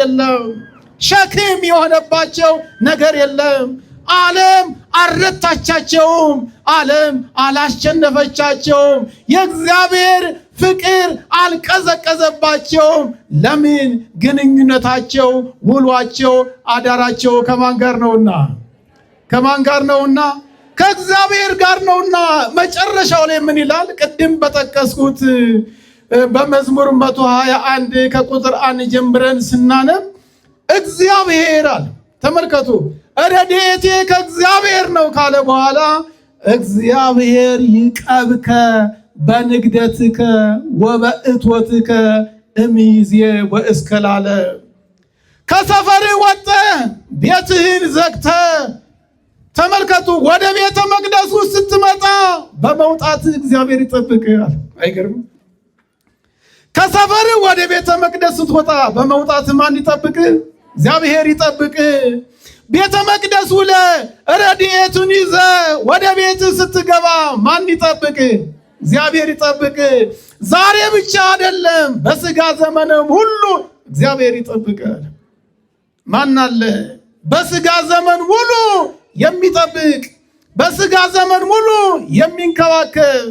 የለም ሸክም የሆነባቸው ነገር የለም። ዓለም አልረታቻቸውም። ዓለም አላሸነፈቻቸውም። የእግዚአብሔር ፍቅር አልቀዘቀዘባቸውም። ለምን? ግንኙነታቸው፣ ውሏቸው፣ አዳራቸው ከማን ጋር ነውና? ከማን ጋር ነውና? ከእግዚአብሔር ጋር ነውና። መጨረሻው ላይ ምን ይላል? ቅድም በጠቀስኩት በመዝሙር 121 ከቁጥር አንድ ጀምረን ስናነብ እግዚአብሔር አለ። ተመልከቱ፣ ረድኤቴ ከእግዚአብሔር ነው ካለ በኋላ እግዚአብሔር ይቀብከ በንግደትከ ወበእቶትከ እምይዜ ወእስከላለ ከሰፈር ወጠ ቤትህን ዘግተ ተመልከቱ፣ ወደ ቤተ መቅደሱ ስትመጣ በመውጣት እግዚአብሔር ይጠብቅሃል። አይገርምም? ከሰፈር ወደ ቤተ መቅደስ ስትወጣ በመውጣት ማን ይጠብቅ? እግዚአብሔር ይጠብቅ። ቤተ መቅደስ ውለ ለረድኤቱን ይዘ ወደ ቤት ስትገባ ማን ይጠብቅ? እግዚአብሔር ይጠብቅ። ዛሬ ብቻ አይደለም፣ በስጋ ዘመንም ሁሉ እግዚአብሔር ይጠብቃል። ማን አለ? በስጋ ዘመን ሙሉ የሚጠብቅ በስጋ ዘመን ሙሉ የሚንከባከብ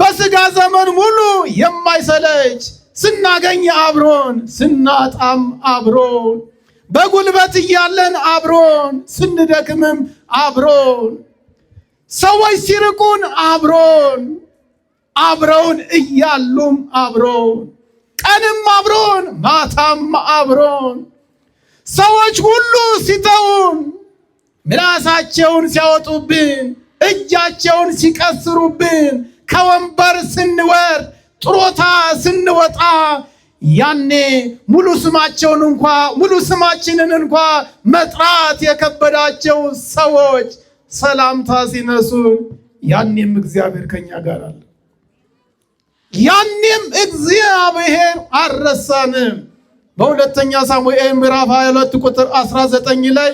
በስጋ ዘመን ሙሉ የማይሰለች ስናገኝ አብሮን፣ ስናጣም አብሮን፣ በጉልበት እያለን አብሮን፣ ስንደክምም አብሮን፣ ሰዎች ሲርቁን አብሮን፣ አብረውን እያሉም አብሮን፣ ቀንም አብሮን፣ ማታም አብሮን፣ ሰዎች ሁሉ ሲተውን፣ ምላሳቸውን ሲያወጡብን፣ እጃቸውን ሲቀስሩብን፣ ከወንበር ስንወርድ ጥሮታ ስንወጣ ያኔ ሙሉ ስማቸውን እንኳ ሙሉ ስማችንን እንኳ መጥራት የከበዳቸው ሰዎች ሰላምታ ሲነሱን፣ ያኔም እግዚአብሔር ከኛ ጋር አለ። ያኔም እግዚአብሔር አልረሳንም። በሁለተኛ ሳሙኤል ምዕራፍ 22 ቁጥር 19 ላይ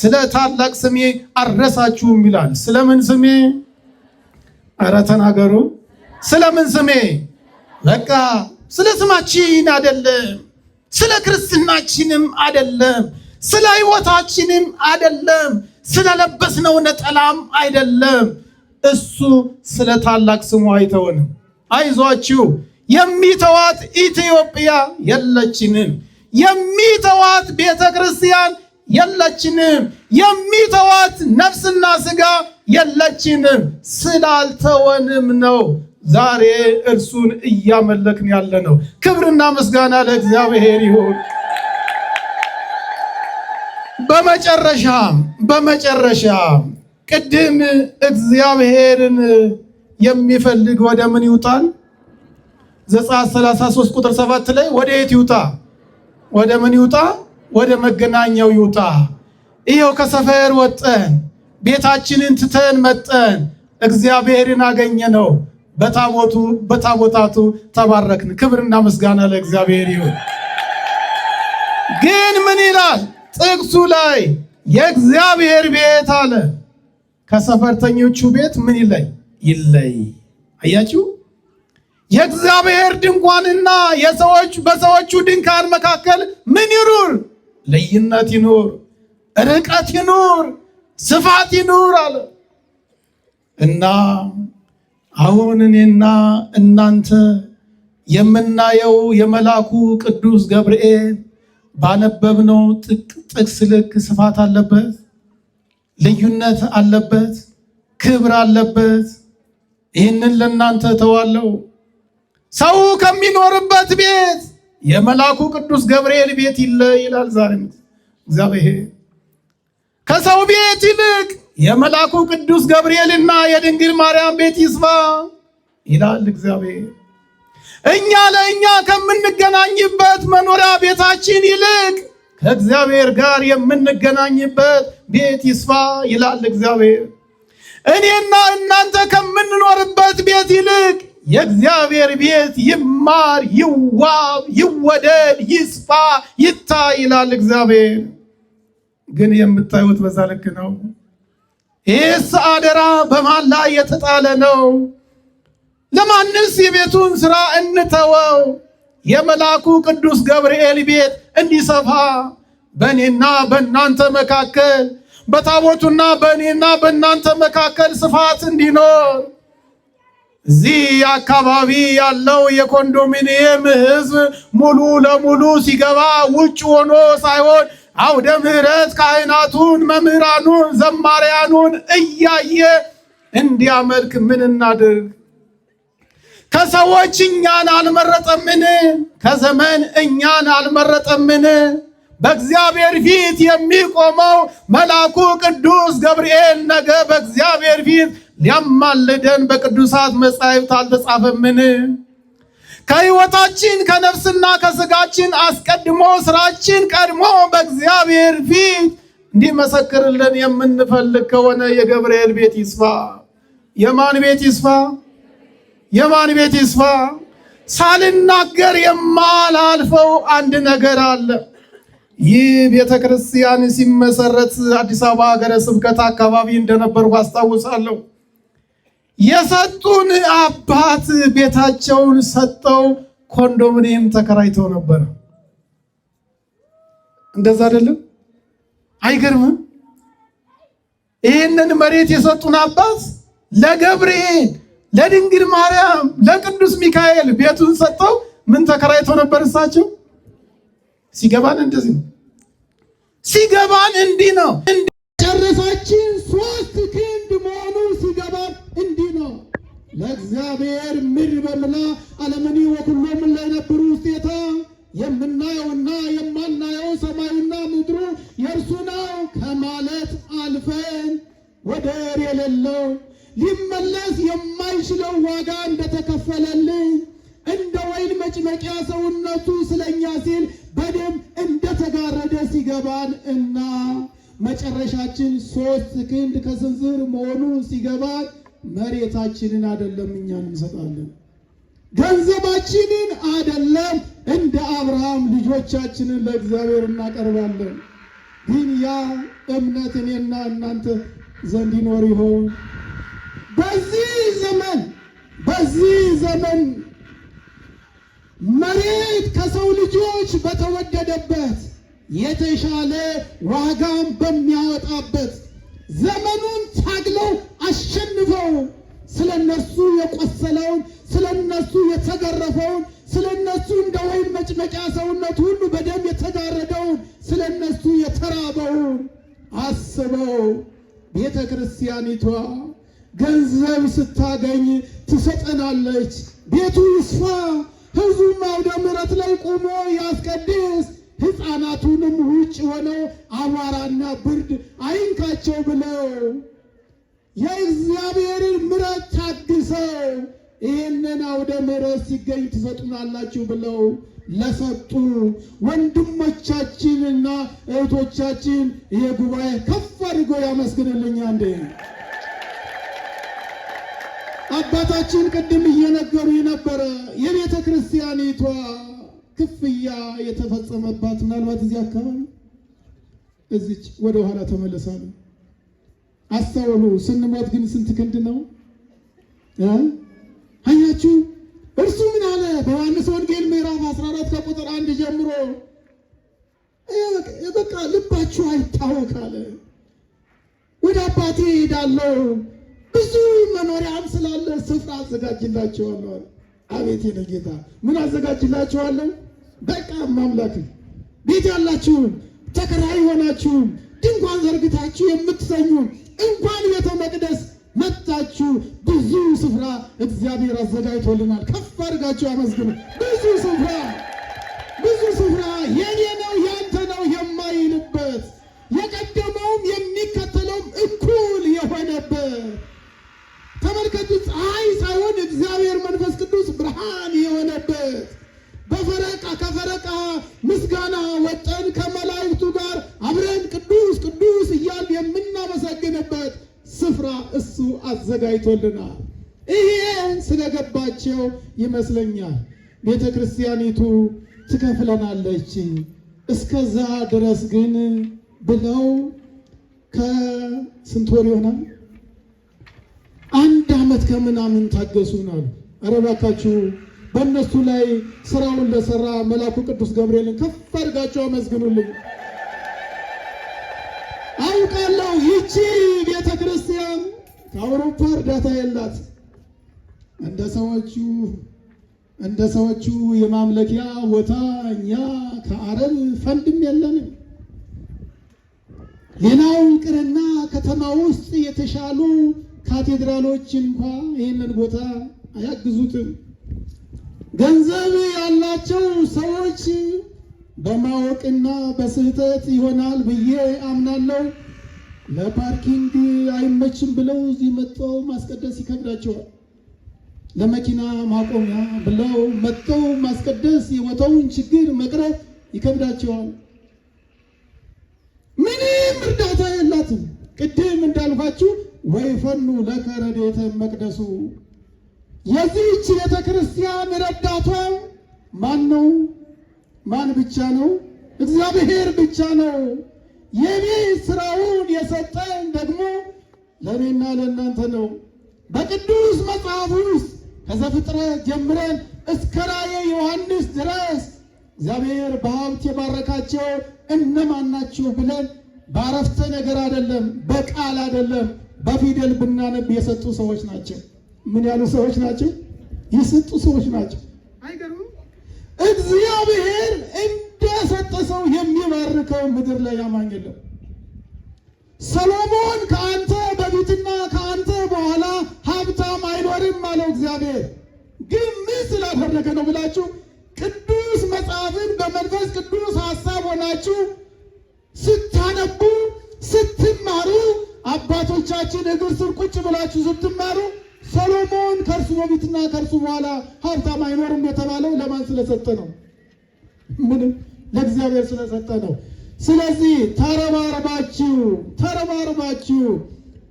ስለ ታላቅ ስሜ አልረሳችሁም ይላል። ስለምን ስሜ? ኧረ ተናገሩ። ስለምን ስሜ በቃ ስለ ስማችን አይደለም፣ ስለ ክርስትናችንም አይደለም፣ ስለ ሕይወታችንም አይደለም፣ ስለለበስነው ነጠላም አይደለም። እሱ ስለ ታላቅ ስሙ አይተውንም። አይዟችሁ የሚተዋት ኢትዮጵያ የለችንም። የሚተዋት ቤተ ክርስቲያን የለችንም። የሚተዋት ነፍስና ስጋ የለችንም። ስላልተወንም ነው። ዛሬ እርሱን እያመለክን ያለ ነው። ክብርና ምስጋና ለእግዚአብሔር ይሁን። በመጨረሻም በመጨረሻም ቅድም እግዚአብሔርን የሚፈልግ ወደ ምን ይውጣል? ዘጸአት 33 ቁጥር 7 ላይ ወደ የት ይውጣ? ወደ ምን ይውጣ? ወደ መገናኛው ይውጣ። ይኸው ከሰፈር ወጠን ቤታችንን ትተን መጠን እግዚአብሔርን አገኘ ነው። በታቦቱ በታቦታቱ ተባረክን። ክብርና ምስጋና ለእግዚአብሔር ይሁን። ግን ምን ይላል ጥቅሱ ላይ የእግዚአብሔር ቤት አለ ከሰፈርተኞቹ ቤት ምን ይለይ ይለይ? አያችሁ፣ የእግዚአብሔር ድንኳንና የሰዎች በሰዎቹ ድንኳን መካከል ምን ይኑር? ልዩነት ይኑር፣ ርቀት ይኑር፣ ስፋት ይኑር አለ እና አሁን እኔና እናንተ የምናየው የመልአኩ ቅዱስ ገብርኤል ባነበብነው ጥቅስ ልክ ስፋት አለበት፣ ልዩነት አለበት፣ ክብር አለበት። ይህንን ለእናንተ ተዋለው። ሰው ከሚኖርበት ቤት የመልአኩ ቅዱስ ገብርኤል ቤት ይለ ይላል። ዛሬ እግዚአብሔር ከሰው ቤት ይልቅ የመልአኩ ቅዱስ ገብርኤልና የድንግል ማርያም ቤት ይስፋ ይላል እግዚአብሔር። እኛ ለእኛ ከምንገናኝበት መኖሪያ ቤታችን ይልቅ ከእግዚአብሔር ጋር የምንገናኝበት ቤት ይስፋ ይላል እግዚአብሔር። እኔና እናንተ ከምንኖርበት ቤት ይልቅ የእግዚአብሔር ቤት ይማር፣ ይዋብ፣ ይወደድ፣ ይስፋ፣ ይታይ ይላል እግዚአብሔር። ግን የምታዩት በዛ ልክ ነው። ይህስ አደራ በማን ላይ የተጣለ ነው? ለማንስ የቤቱን ሥራ እንተወው? የመልአኩ ቅዱስ ገብርኤል ቤት እንዲሰፋ በእኔና በእናንተ መካከል በታቦቱና በእኔና በእናንተ መካከል ስፋት እንዲኖር እዚህ አካባቢ ያለው የኮንዶሚኒየም ሕዝብ ሙሉ ለሙሉ ሲገባ ውጭ ሆኖ ሳይሆን አውደ ምሕረት ካህናቱን፣ መምህራኑን፣ ዘማሪያኑን እያየ እንዲያመልክ ምን እናድርግ? ከሰዎች እኛን አልመረጠምን? ከዘመን እኛን አልመረጠምን? በእግዚአብሔር ፊት የሚቆመው መልአኩ ቅዱስ ገብርኤል ነገ በእግዚአብሔር ፊት ሊያማልደን በቅዱሳት መጻሕፍት አልተጻፈምን? ከህይወታችን ከነፍስና ከስጋችን አስቀድሞ ስራችን ቀድሞ በእግዚአብሔር ፊት እንዲመሰክርልን የምንፈልግ ከሆነ የገብርኤል ቤት ይስፋ። የማን ቤት ይስፋ? የማን ቤት ይስፋ? ሳልናገር የማላልፈው አንድ ነገር አለ። ይህ ቤተ ክርስቲያን ሲመሰረት አዲስ አበባ ሀገረ ስብከት አካባቢ እንደነበርኩ አስታውሳለሁ። የሰጡን አባት ቤታቸውን ሰጠው ኮንዶሚኒየም ተከራይተው ነበረ። እንደዛ አይደለም? አይገርምም? ይህንን መሬት የሰጡን አባት ለገብርኤል፣ ለድንግል ማርያም፣ ለቅዱስ ሚካኤል ቤቱን ሰጠው። ምን ተከራይተው ነበር እሳቸው? ሲገባን እንደዚህ ነው። ሲገባን እንዲህ ነው። ጨረሳችን ሶስት ክንድ መሆኑ ሲገባን ለእግዚአብሔር ምድር በምላ አለመኒ ወኩሎም ላይነብሩ ውስጤታ የምናየውና የማናየው ሰማዩና ምድሩ የእርሱ ነው ከማለት አልፈን ወደር የሌለው ሊመለስ የማይችለው ዋጋ እንደተከፈለልኝ እንደ ወይን መጭመቂያ ሰውነቱ ስለኛ ሲል በደም እንደተጋረደ ሲገባን እና መጨረሻችን ሶስት ክንድ ከስንዝር መሆኑ ሲገባን መሬታችንን አደለም እኛን እንሰጣለን፣ ገንዘባችንን አደለም። እንደ አብርሃም ልጆቻችንን ለእግዚአብሔር እናቀርባለን። ግን ያ እምነት እኔና እናንተ ዘንድ ይኖር ይሆን? በዚህ ዘመን በዚህ ዘመን መሬት ከሰው ልጆች በተወደደበት የተሻለ ዋጋም በሚያወጣበት ዘመኑን ታግለው አሸንፈው ስለ እነሱ የቆሰለውን ስለ እነሱ የተገረፈውን ስለ እነሱ እንደ ወይን መጭመጫ ሰውነት ሁሉ በደም የተጋረደውን ስለ እነሱ የተራበውን አስበው። ቤተ ክርስቲያኒቷ ገንዘብ ስታገኝ ትሰጠናለች። ቤቱ ይስፋ፣ ሕዝቡም አውደ ምሕረት ላይ ቆሞ ያስቀድስ፣ ሕፃናቱንም ውጭ ሆነው አቧራና ብርድ አይንካቸው ብለው የእግዚአብሔርን ምረት ታግሰው ይህንን አውደ ምረት ሲገኝ ትሰጡናላችሁ ብለው ለሰጡ ወንድሞቻችንና እህቶቻችን ይሄ ጉባኤ ከፍ አድርጎ ያመስግንልኝ። እንዴ አባታችን ቅድም እየነገሩ ነበረ። የቤተ ክርስቲያኒቷ ክፍያ የተፈጸመባት ምናልባት እዚህ አካባቢ እዚች ወደ ኋላ ተመለሳሉ። አስተውሉ። ስንሞት ግን ስንት ክንድ ነው? አያችሁ፣ እርሱ ምን አለ? በዮሐንስ ወንጌል ምዕራፍ 14 ከቁጥር አንድ ጀምሮ በቃ ልባችሁ አይታወክ አለ። ወደ አባቴ እሄዳለሁ፣ ብዙ መኖሪያም ስላለ ስፍራ አዘጋጅላችኋለሁ። አቤት የኔ ጌታ ምን አዘጋጅላችኋለሁ? በቃ ማምላክ ቤት ያላችሁም ተከራይ ሆናችሁም ድንኳን ዘርግታችሁ የምትሰኙ እንኳን ቤተ መቅደስ መጥታችሁ ብዙ ስፍራ እግዚአብሔር አዘጋጅቶልናል። ከፍ አድርጋችሁ አመስግኑ። ብዙ ስፍራ ብዙ ስፍራ የኔ ነው ያንተ ነው የማይልበት የቀደመውም የሚከተለውም እኩል የሆነበት ተመልከቱ። ፀሐይ ሳይሆን እግዚአብሔር መንፈስ ቅዱስ ብርሃን የሆነበት በፈረቃ ከፈረቃ ምስጋና ወጠን ከመ የምንመሰግንበት ስፍራ እሱ አዘጋጅቶልናል። ይሄን ስለገባቸው ይመስለኛል ቤተ ክርስቲያኒቱ ትከፍለናለች። እስከዛ ድረስ ግን ብለው ከስንት ወር ይሆናል አንድ ዓመት ከምናምን ታገሱን አሉ። ኧረ እባካችሁ በእነሱ ላይ ስራውን ለሰራ መልአኩ ቅዱስ ገብርኤልን ከፍ አድርጋቸው አመስግኑልኝ። አውቃለሁ ይቺ ቤተ ክርስቲያን ከአውሮፓ እርዳታ የላት እንደ ሰዎቹ እንደ ሰዎቹ የማምለኪያ ቦታ እኛ ከአረብ ፈንድም የለንም። ሌላው ቅርና ከተማ ውስጥ የተሻሉ ካቴድራሎች እንኳ ይህንን ቦታ አያግዙትም። ገንዘብ ያላቸው ሰዎች በማወቅና በስህተት ይሆናል ብዬ አምናለሁ። ለፓርኪንግ አይመችም ብለው እዚህ መጥተው ማስቀደስ ይከብዳቸዋል። ለመኪና ማቆሚያ ብለው መጥተው ማስቀደስ የቦታውን ችግር መቅረፍ ይከብዳቸዋል። ምንም እርዳታ የላትም። ቅድም እንዳልኳችሁ ወይ ፈኑ ለከ ረድኤተ መቅደሱ የዚህች ቤተ ክርስቲያን ረዳቷ ማን ነው? ማን ብቻ ነው? እግዚአብሔር ብቻ ነው። የኔ ስራውን የሰጠን ደግሞ ለእኔና ለእናንተ ነው። በቅዱስ መጽሐፍ ውስጥ ከዘፍጥረት ጀምረን እስከ ራእየ ዮሐንስ ድረስ እግዚአብሔር በሀብት የባረካቸው እነማን ናችሁ ብለን በአረፍተ ነገር አይደለም፣ በቃል አይደለም፣ በፊደል ብናነብ የሰጡ ሰዎች ናቸው። ምን ያሉ ሰዎች ናቸው? የሰጡ ሰዎች ናቸው። እግዚአብሔር የሰጠ ሰው የሚባርከው ምድር ላይ አማኝ የለም። ሰሎሞን ከአንተ በፊትና ከአንተ በኋላ ሀብታም አይኖርም አለው እግዚአብሔር። ግን ምን ስላደረገ ነው ብላችሁ ቅዱስ መጽሐፍን በመንፈስ ቅዱስ ሀሳብ ሆናችሁ ስታነቡ ስትማሩ አባቶቻችን እግር ስር ቁጭ ብላችሁ ስትማሩ ሰሎሞን ከእርሱ በፊትና ከእርሱ በኋላ ሀብታም አይኖርም የተባለው ለማን ስለሰጠ ነው? ምንም ለእግዚአብሔር ስለሰጠ ነው። ስለዚህ ተረባርባችሁ ተረባርባችሁ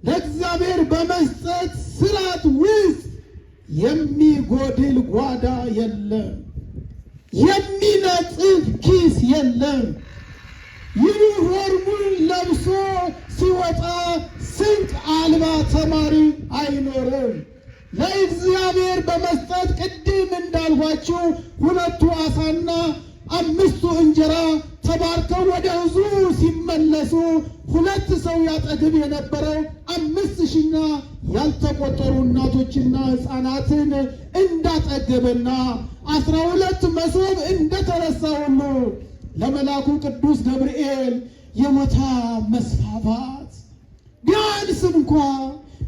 ለእግዚአብሔር በመስጠት ስርዓት ውስጥ የሚጎድል ጓዳ የለም፣ የሚነጥፍ ኪስ የለም። ዩኒፎርሙን ለብሶ ሲወጣ ስንቅ አልባ ተማሪ አይኖርም። ለእግዚአብሔር በመስጠት ቅድም እንዳልኋችሁ ሁለቱ አሳና አምስቱ እንጀራ ተባርከው ወደ ሕዝቡ ሲመለሱ ሁለት ሰው ያጠግብ የነበረው አምስት ሺና ያልተቆጠሩ እናቶችና ሕፃናትን እንዳጠገበና አስራ ሁለት መሶብ እንደተረሳ ሁሉ ለመልአኩ ቅዱስ ገብርኤል የሞታ መስፋፋት ቢያንስ እንኳ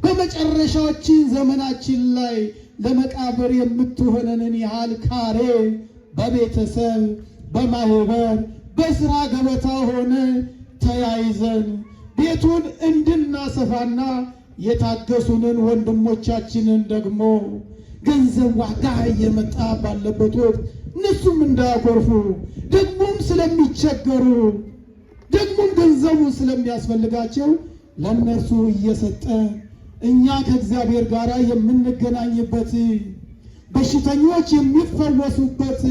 በመጨረሻዎችን ዘመናችን ላይ ለመቃብር የምትሆነንን ያህል ካሬ በቤተሰብ በማህበር በስራ ገበታ ሆነ ተያይዘን ቤቱን እንድናሰፋና የታገሱንን ወንድሞቻችንን ደግሞ ገንዘብ ዋጋ እየመጣ ባለበት ወቅት እነሱም እንዳያኮርፉ ደግሞም ስለሚቸገሩ ደግሞም ገንዘቡ ስለሚያስፈልጋቸው ለእነርሱ እየሰጠ እኛ ከእግዚአብሔር ጋር የምንገናኝበት በሽተኞች የሚፈወሱበት፣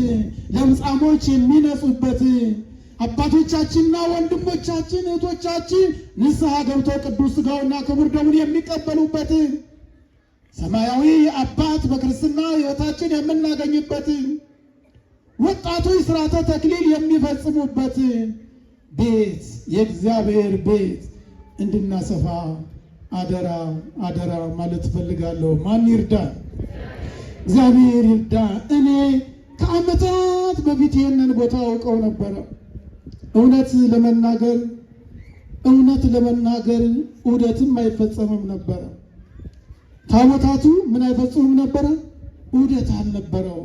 ለምጻሞች የሚነጹበት አባቶቻችንና ወንድሞቻችን እህቶቻችን ንስሐ ገብተው ቅዱስ ሥጋውና ክቡር ደሙን የሚቀበሉበት ሰማያዊ አባት በክርስትና ሕይወታችን የምናገኝበት ወጣቶች ሥርዓተ ተክሊል የሚፈጽሙበት ቤት የእግዚአብሔር ቤት እንድናሰፋ አደራ አደራ ማለት እፈልጋለሁ። ማን ይርዳል? እግዚአብሔር ይርዳ። እኔ ከዓመታት በፊት ይህንን ቦታ አውቀው ነበረ። እውነት ለመናገር እውነት ለመናገር እውደትም አይፈጸምም ነበረ። ታቦታቱ ምን አይፈጽሙም ነበረ? እውደት አልነበረው።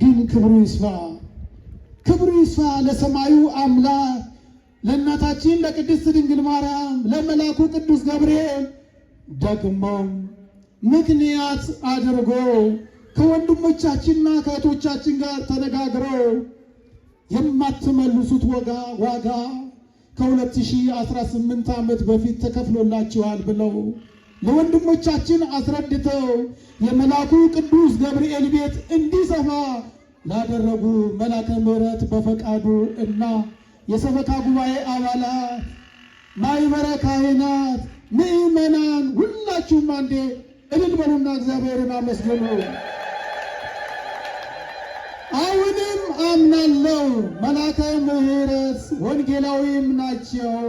ግን ክብሩ ይስፋ፣ ክብሩ ይስፋ ለሰማዩ አምላክ ለእናታችን ለቅድስት ድንግል ማርያም፣ ለመልአኩ ቅዱስ ገብርኤል ደግሞም ምክንያት አድርጎ ከወንድሞቻችንና ከእህቶቻችን ጋር ተነጋግረው የማትመልሱት ዋጋ ከ2018 ዓመት በፊት ተከፍሎላችኋል ብለው ለወንድሞቻችን አስረድተው የመልአኩ ቅዱስ ገብርኤል ቤት እንዲሰፋ ላደረጉ መልአከ ምሕረት በፈቃዱ እና የሰበካ ጉባኤ አባላት፣ ማኅበረ ካህናት፣ ምዕመናን ሁላችሁም አንዴ እልል በሉና እግዚአብሔርን አመስግኑ። አሁንም አምናለው መላከ ምሕረት ወንጌላዊም ናቸው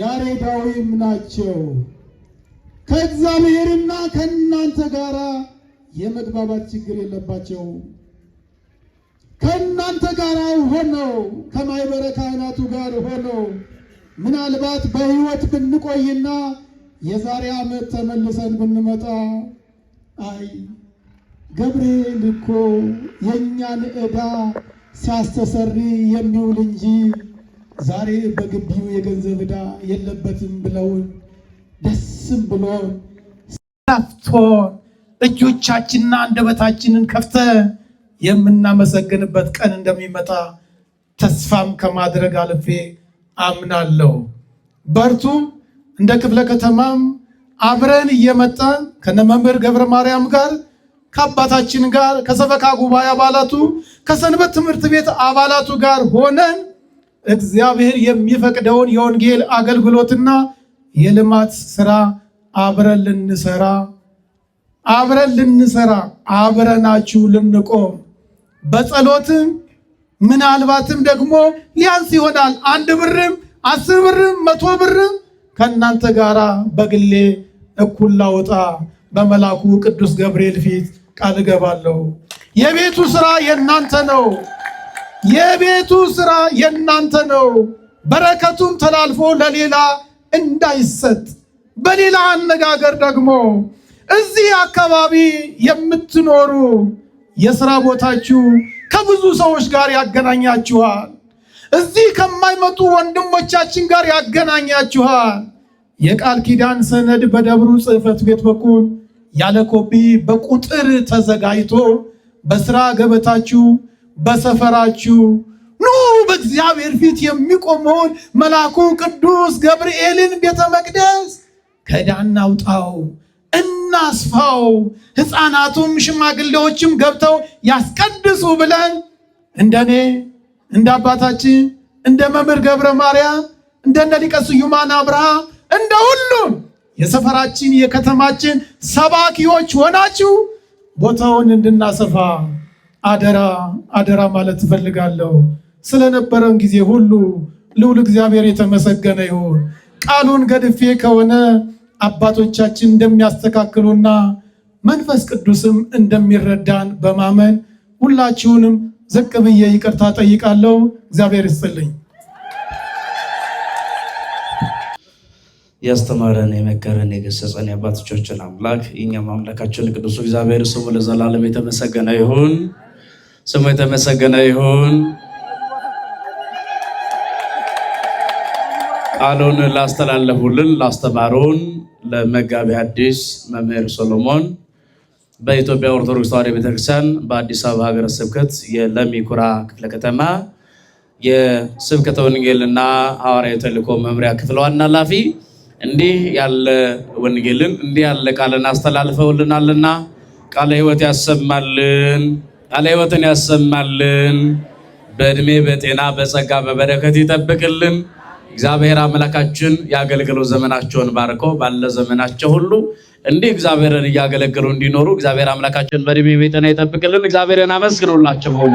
ያሬዳዊም ናቸው። ከእግዚአብሔርና ከእናንተ ጋር የመግባባት ችግር የለባቸው። ከእናንተ ጋር ሆነው ከማይበረ ካህናቱ ጋር ሆነው ምናልባት በሕይወት ብንቆይና የዛሬ ዓመት ተመልሰን ብንመጣ አይ ገብርኤል እኮ የእኛን ዕዳ ሲያስተሰሪ የሚውል እንጂ ዛሬ በግቢው የገንዘብ ዕዳ የለበትም ብለውን ደስም ብሎን ላፍቶን እጆቻችንና አንደበታችንን ከፍተን የምናመሰግንበት ቀን እንደሚመጣ ተስፋም ከማድረግ አልፌ አምናለሁ። በርቱ። እንደ ክፍለ ከተማም አብረን እየመጣን ከነመምህር ገብረ ማርያም ጋር ከአባታችን ጋር ከሰበካ ጉባኤ አባላቱ ከሰንበት ትምህርት ቤት አባላቱ ጋር ሆነን እግዚአብሔር የሚፈቅደውን የወንጌል አገልግሎትና የልማት ስራ አብረን ልንሰራ አብረን ልንሰራ አብረናችሁ ልንቆም በጸሎትም ምናልባትም ደግሞ ሊያንስ ይሆናል አንድ ብርም አስር ብርም መቶ ብርም ከእናንተ ጋር በግሌ እኩል ላውጣ በመላኩ ቅዱስ ገብርኤል ፊት ቃል እገባለሁ። የቤቱ ስራ የእናንተ ነው። የቤቱ ስራ የእናንተ ነው። በረከቱም ተላልፎ ለሌላ እንዳይሰጥ። በሌላ አነጋገር ደግሞ እዚህ አካባቢ የምትኖሩ የስራ ቦታችሁ ከብዙ ሰዎች ጋር ያገናኛችኋል። እዚህ ከማይመጡ ወንድሞቻችን ጋር ያገናኛችኋል። የቃል ኪዳን ሰነድ በደብሩ ጽሕፈት ቤት በኩል ያለ ኮፒ በቁጥር ተዘጋጅቶ በስራ ገበታችሁ፣ በሰፈራችሁ ኑ በእግዚአብሔር ፊት የሚቆመውን መልአኩ ቅዱስ ገብርኤልን ቤተ መቅደስ ከዕዳ እናውጣው እናስፋው፣ ሕፃናቱም ሽማግሌዎችም ገብተው ያስቀድሱ ብለን እንደኔ እንደ አባታችን እንደ መምህር ገብረ ማርያም እንደነ ሊቀ ስዩማን አብርሃ እንደ ሁሉም የሰፈራችን የከተማችን ሰባኪዎች ሆናችሁ ቦታውን እንድናሰፋ አደራ አደራ ማለት እፈልጋለሁ። ስለነበረን ጊዜ ሁሉ ልዑል እግዚአብሔር የተመሰገነ ይሁን። ቃሉን ገድፌ ከሆነ አባቶቻችን እንደሚያስተካክሉና መንፈስ ቅዱስም እንደሚረዳን በማመን ሁላችሁንም ዝቅ ብዬ ይቅርታ ጠይቃለሁ። እግዚአብሔር ይስጥልኝ። ያስተማረን የመከረን የገሰጸን የአባቶቻችን አምላክ እኛም አምላካችን ቅዱሱ እግዚአብሔር ስሙ ለዘላለም የተመሰገነ ይሁን። ስሙ የተመሰገነ ይሁን። ቃሉን ላስተላለፉልን ላስተማሩን ለመጋቢ አዲስ መምህር ሶሎሞን በኢትዮጵያ ኦርቶዶክስ ተዋሕዶ ቤተክርስቲያን በአዲስ አበባ ሀገረ ስብከት የለሚ ኩራ ክፍለ ከተማ የስብከተ ወንጌልና ሐዋርያዊ ተልእኮ መምሪያ ክፍል ዋና ኃላፊ እንዲህ ያለ ወንጌልን እንዲህ ያለ ቃልን አስተላልፈውልናልና ቃለ ሕይወት ያሰማልን፣ ቃለ ሕይወትን ያሰማልን፣ በእድሜ በጤና በጸጋ በበረከት ይጠብቅልን። እግዚአብሔር አምላካችን የአገልግሎት ዘመናቸውን ባርኮ ባለ ዘመናቸው ሁሉ እንዲህ እግዚአብሔርን እያገለገሉ እንዲኖሩ እግዚአብሔር አምላካችን በዕድሜ በጤና ይጠብቅልን። እግዚአብሔርን አመስግኑላቸው ሆነ